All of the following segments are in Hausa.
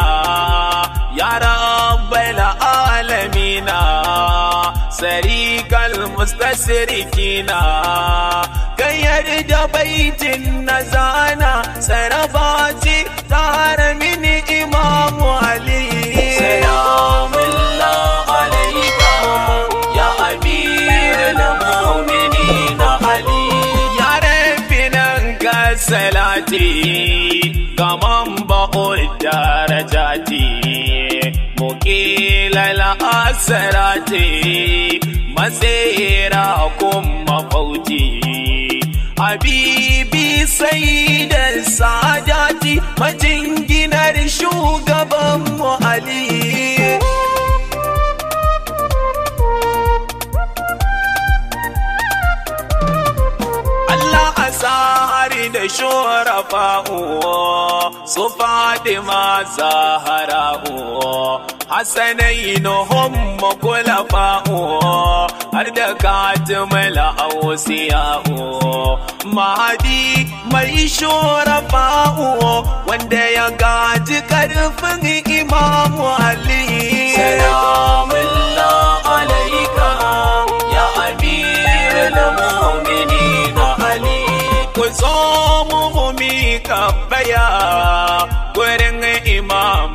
alamina ya rabbal alamina sarikal mustasrikina kai yarda baitin nazana sarafati tare imam ali salati kaman bakul darajati mukilala asirati masera kuma fauti habibi sai da sajati majinginar shugaban ali. Allah a da shurafa uwa su Fatima Zahra'u Hassanai fa uwa har da Katimul uwa Mahadi mai uwa wanda ya gaji karfin imamu Ali Salamun Allah rabbaya gurin imam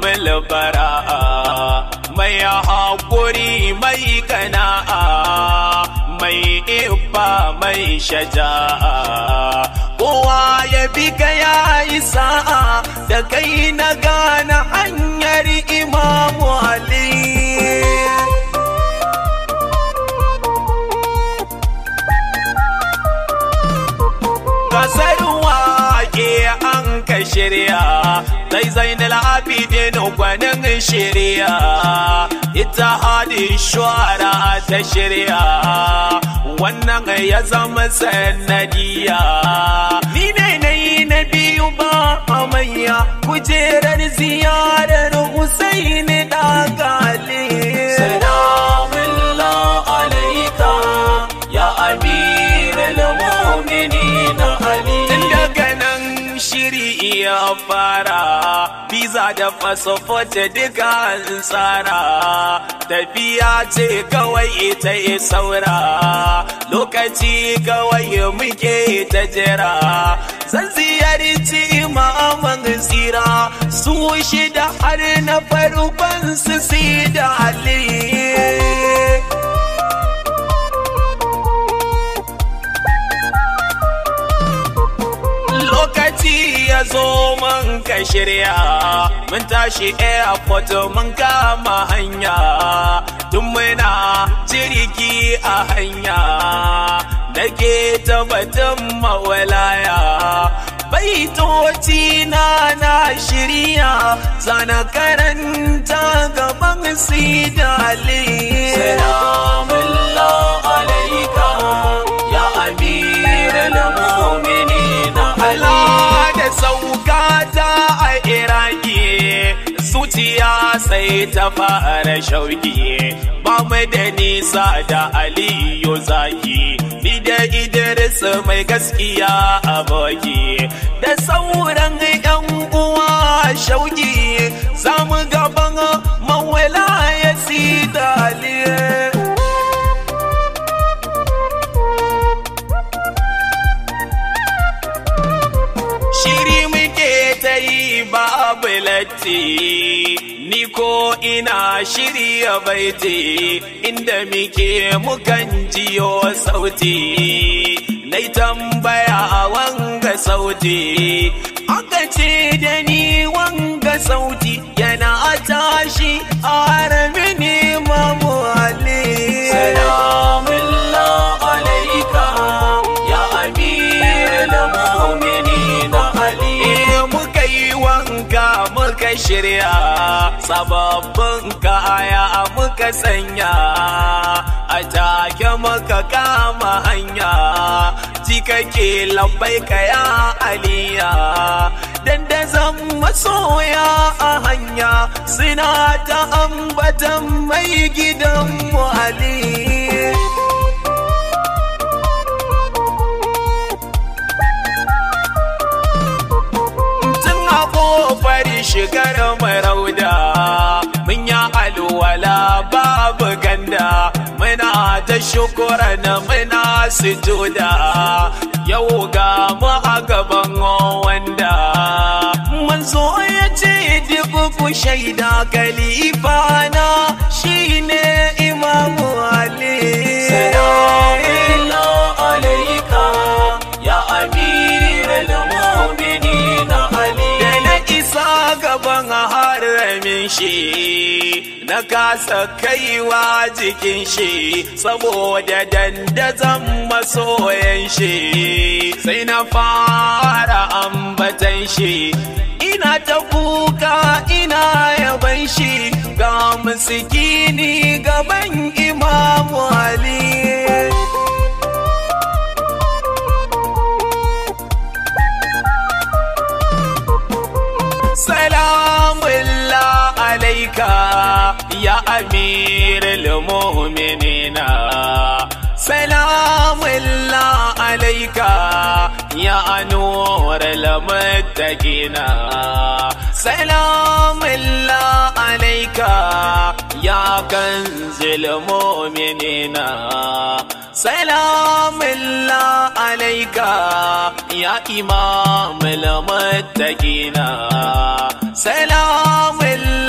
bara mai haƙuri mai kana'a mai ifa mai shaja'a kowa ya bi ka isa da kai na gana hanyar imamu ali shirya zai zainal abidin gwanin shirya ita hadi shwara ta shirya wannan ya zama sanadiya ni ne na yi na biyu ba amayya kujerar ziyarar husaini da da fasofote duka an tsara tafiya ce kawai ita yi saura lokaci kawai muke ta jira zan ziyarci imaman tsira su shida har na farkon su si da ali zo mun ka shirya mun tashi airport mun kama hanya tun muna jirgi a hanya ke tabbatin mawalaya baitoci na na shirya zana karanta gaban sidali salamullah Ya sai ta fara shauki ba mai da nisa da aliyu zaki ni da idris mai gaskiya aboki da sauran yan uwa shauki za mu gaban mawala ya si da shiri muke ta yi babu latti ina shirya baiti inda muke mukan jiyo sauti nai tambaya wanga sauti aka ce da ni wanga sauti yana tashi harami. riga muka shirya sababbin kaya muka sanya a take muka kama hanya cikakke labai kaya aliya dandazon masoya a hanya suna ta ambatan mai gidanmu aliya shigar mai rauda mun ya alwala babu ganda muna ta shukura na muna sujuda yau ga mu a gaban wanda manzo ya ce duk shaida kalifa na!" ya kasa kaiwa jikin shi saboda dandazon masoyan shi sai na fara ambatan shi ina ta kuka ina yaban shi ga musikini gaban imamu ali salam يا أمير المؤمنين سلام الله عليك يا نور المتقين سلام الله عليك يا كنز المؤمنين سلام الله عليك يا إمام المتقين سلام الله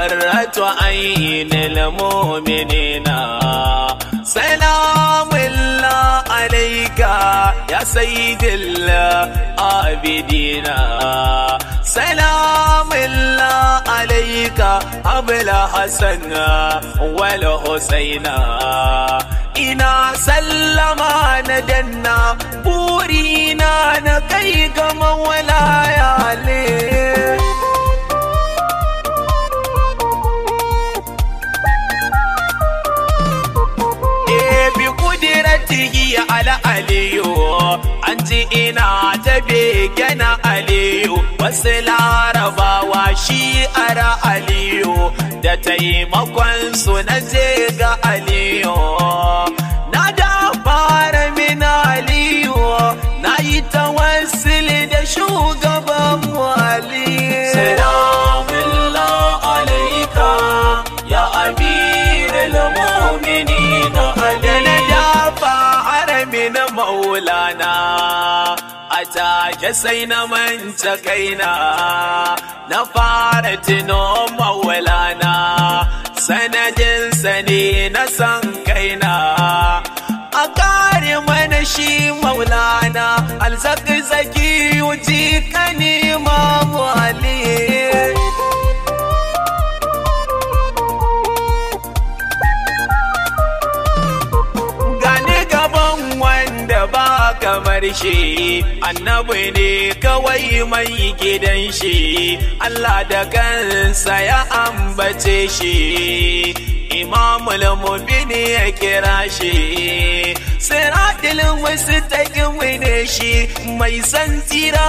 warratu ainihin mu'minina Salamullah alaika ya sayyidil abidina Salamullah alaika abla hasan wal husaina ina sallama na danna burina na kai ga mawala ya aliyu an ji ina ta bege na aliyu wasu larabawa shi ara aliyu da taimakon su na je ga aliyu na da fara min aliyu na yi ta wasu da shu ke sai na manta kaina na fara tuno mawalana sanadin sani na san kaina a kare mana shi maulana alzaki zaki wuji kani mu aliyu karshe annabi ne kawai mai gidan shi Allah da kansa ya ambace shi imamul mubini ya kira shi siratul mustaqim ne shi mai san tira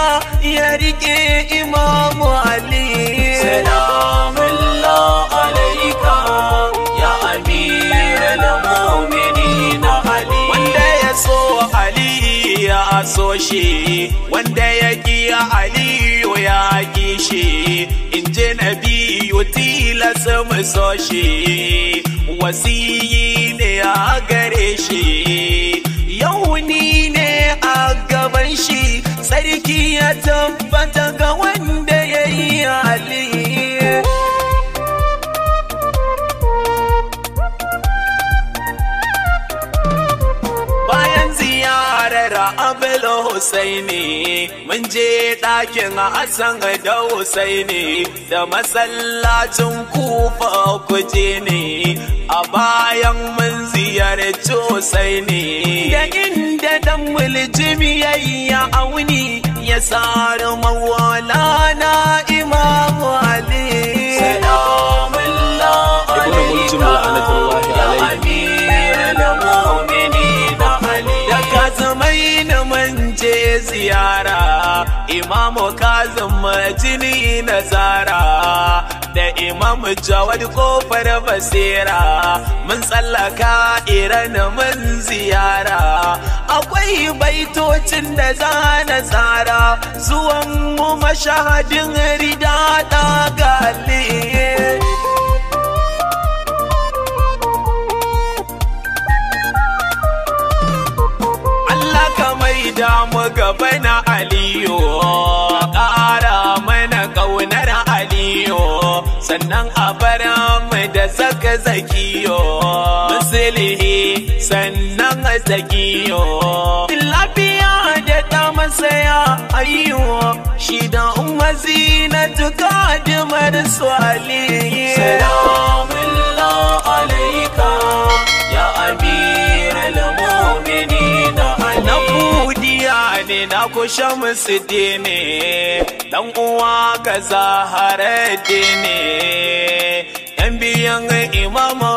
ya rike imamu ali salamul so shi wanda ya kiya aliyu ya ki shi in je na biyu tilas mu so shi wasiyi ne a gare shi yau ni ne a gaban shi sarki ya tabbata ga wanda ya yi aliyu Abel Husaini mun je ɗakin Hassan da Husaini da masallacin Kufa kuje ne a bayan mun ziyarci Husaini da inda dan muljimi yayi ya auni ya sarar mawala imamu kazim jini nasara da imam jawad kofar basira mun tsallaka iran mun ziyara akwai baitocin da za na tsara zuwan mu mashahadin rida da gali Allah kamar da mu gaba na aliyo sannan a bara mai da zaka zakiyo musilihi sannan a zakiyo lafiya da ta masaya shida shi da umar zinatu su aliyu na ku musu dini dan uwa ka zahara dini yan biyan imama